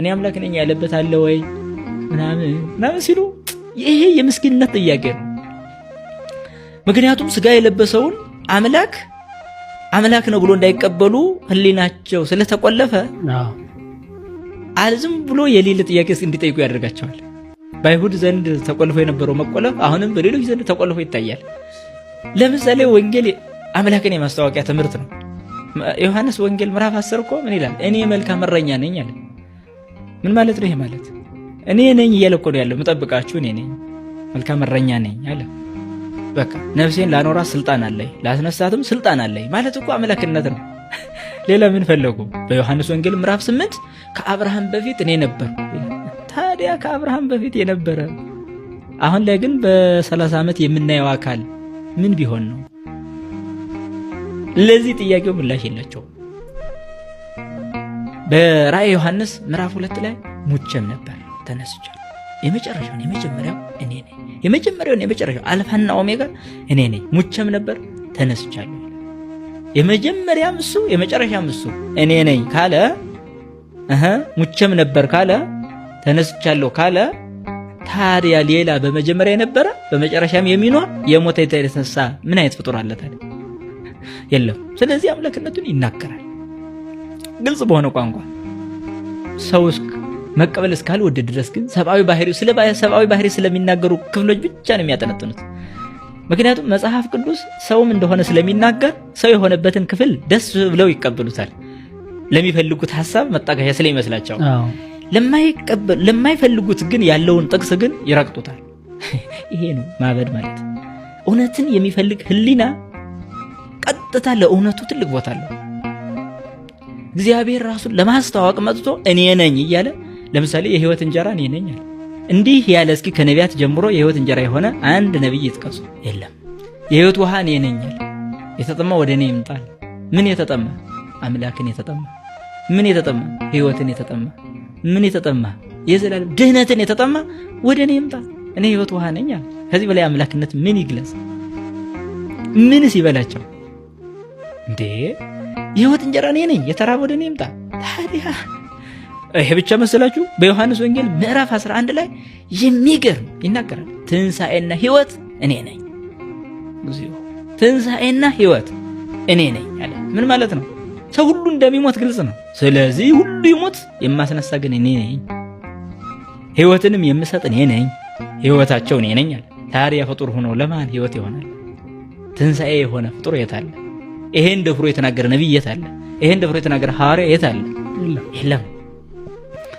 እኔ አምላክ ነኝ ያለበት አለ ወይ ምናምን ምናምን ሲሉ ይሄ የምስኪንነት ጥያቄ ነው። ምክንያቱም ስጋ የለበሰውን አምላክ አምላክ ነው ብሎ እንዳይቀበሉ ህሊናቸው ስለተቆለፈ አልዝም ብሎ የሌለ ጥያቄ እንዲጠይቁ ያደርጋቸዋል። በአይሁድ ዘንድ ተቆልፎ የነበረው መቆለፍ አሁንም በሌሎች ዘንድ ተቆልፎ ይታያል። ለምሳሌ ወንጌል አምላክን የማስታወቂያ ትምህርት ነው። ዮሐንስ ወንጌል ምዕራፍ 10 እኮ ምን ይላል? እኔ መልካም እረኛ ነኝ አለ። ምን ማለት ነው? ይሄ ማለት እኔ ነኝ እያለ ያለው። የምጠብቃችሁ እኔ ነኝ፣ መልካም እረኛ ነኝ አለ። በቃ ነፍሴን ላኖራት ስልጣን አለኝ፣ ላስነሳትም ስልጣን አለኝ ማለት እኮ አምላክነት ነው። ሌላ ምን ፈለጉ? በዮሐንስ ወንጌል ምዕራፍ ስምንት ከአብርሃም በፊት እኔ ነበር። ታዲያ ከአብርሃም በፊት የነበረ አሁን ላይ ግን በ30 ዓመት የምናየው አካል ምን ቢሆን ነው? ለዚህ ጥያቄው ምላሽ የላቸውም። በራእይ ዮሐንስ ምዕራፍ ሁለት ላይ ሙቼም ነበር ተነስቻለሁ። የመጨረሻውን የመጀመሪያው እኔ ነኝ። የመጀመሪያውን የመጨረሻው አልፋና ኦሜጋ እኔ ነኝ። ሙቼም ነበር ተነስቻለሁ። የመጀመሪያም እሱ የመጨረሻም እሱ እኔ ነኝ ካለ ሙቸም ነበር ካለ ተነስቻለሁ ካለ ታዲያ ሌላ በመጀመሪያ የነበረ በመጨረሻም የሚኖር የሞተ የተነሳ ምን አይነት ፍጡር አለ ታዲያ? የለም። ስለዚህ አምላክነቱን ይናገራል። ግልጽ በሆነ ቋንቋ ሰው መቀበል እስካልወደድ ድረስ ግን ሰብአዊ ባህሪ ስለ ሰብአዊ ባህሪ ስለሚናገሩ ክፍሎች ብቻ ነው የሚያጠነጥኑት። ምክንያቱም መጽሐፍ ቅዱስ ሰውም እንደሆነ ስለሚናገር ሰው የሆነበትን ክፍል ደስ ብለው ይቀበሉታል። ለሚፈልጉት ሀሳብ መጣጋያ ስለሚመስላቸው፣ ለማይፈልጉት ግን ያለውን ጥቅስ ግን ይረግጡታል። ይሄ ነው ማበድ ማለት። እውነትን የሚፈልግ ህሊና ቀጥታ ለእውነቱ ትልቅ ቦታ አለው። እግዚአብሔር ራሱን ለማስተዋወቅ መጥቶ እኔ ነኝ እያለ ለምሳሌ የህይወት እንጀራ እኔ ነኝ አለ። እንዲህ ያለ እስኪ ከነቢያት ጀምሮ የህይወት እንጀራ የሆነ አንድ ነቢይ ይጥቀሱ? የለም። የህይወት ውሃ እኔ ነኝ አለ። የተጠማ ወደ እኔ ይምጣል። ምን የተጠማ? አምላክን የተጠማ። ምን የተጠማ? ህይወትን የተጠማ። ምን የተጠማ? የዘላለም ድህነትን የተጠማ ወደ እኔ ይምጣ፣ እኔ ህይወት ውሃ ነኝ አለ። ከዚህ በላይ አምላክነት ምን ይግለጽ? ምንስ ይበላቸው እንዴ? የህይወት እንጀራ እኔ ነኝ፣ የተራበ ወደ እኔ ይምጣ። ታዲያ ይሄ ብቻ መሰላችሁ? በዮሐንስ ወንጌል ምዕራፍ 11 ላይ የሚገርም ይናገራል። ትንሣኤና ህይወት እኔ ነኝ፣ ትንሣኤና ህይወት እኔ ነኝ አለ። ምን ማለት ነው? ሰው ሁሉ እንደሚሞት ግልጽ ነው። ስለዚህ ሁሉ ይሞት፣ የማስነሳ ግን እኔ ነኝ፣ ህይወትንም የምሰጥ እኔ ነኝ፣ ህይወታቸው እኔ ነኝ አለ። ታዲያ ፍጡር ሆኖ ለማን ህይወት ይሆናል? ትንሣኤ የሆነ ፍጡር የት አለ? ይሄን ደፍሮ የተናገረ ነብይ የት አለ? ይሄን ደፍሮ የተናገረ ሐዋርያ የት አለ? የለም።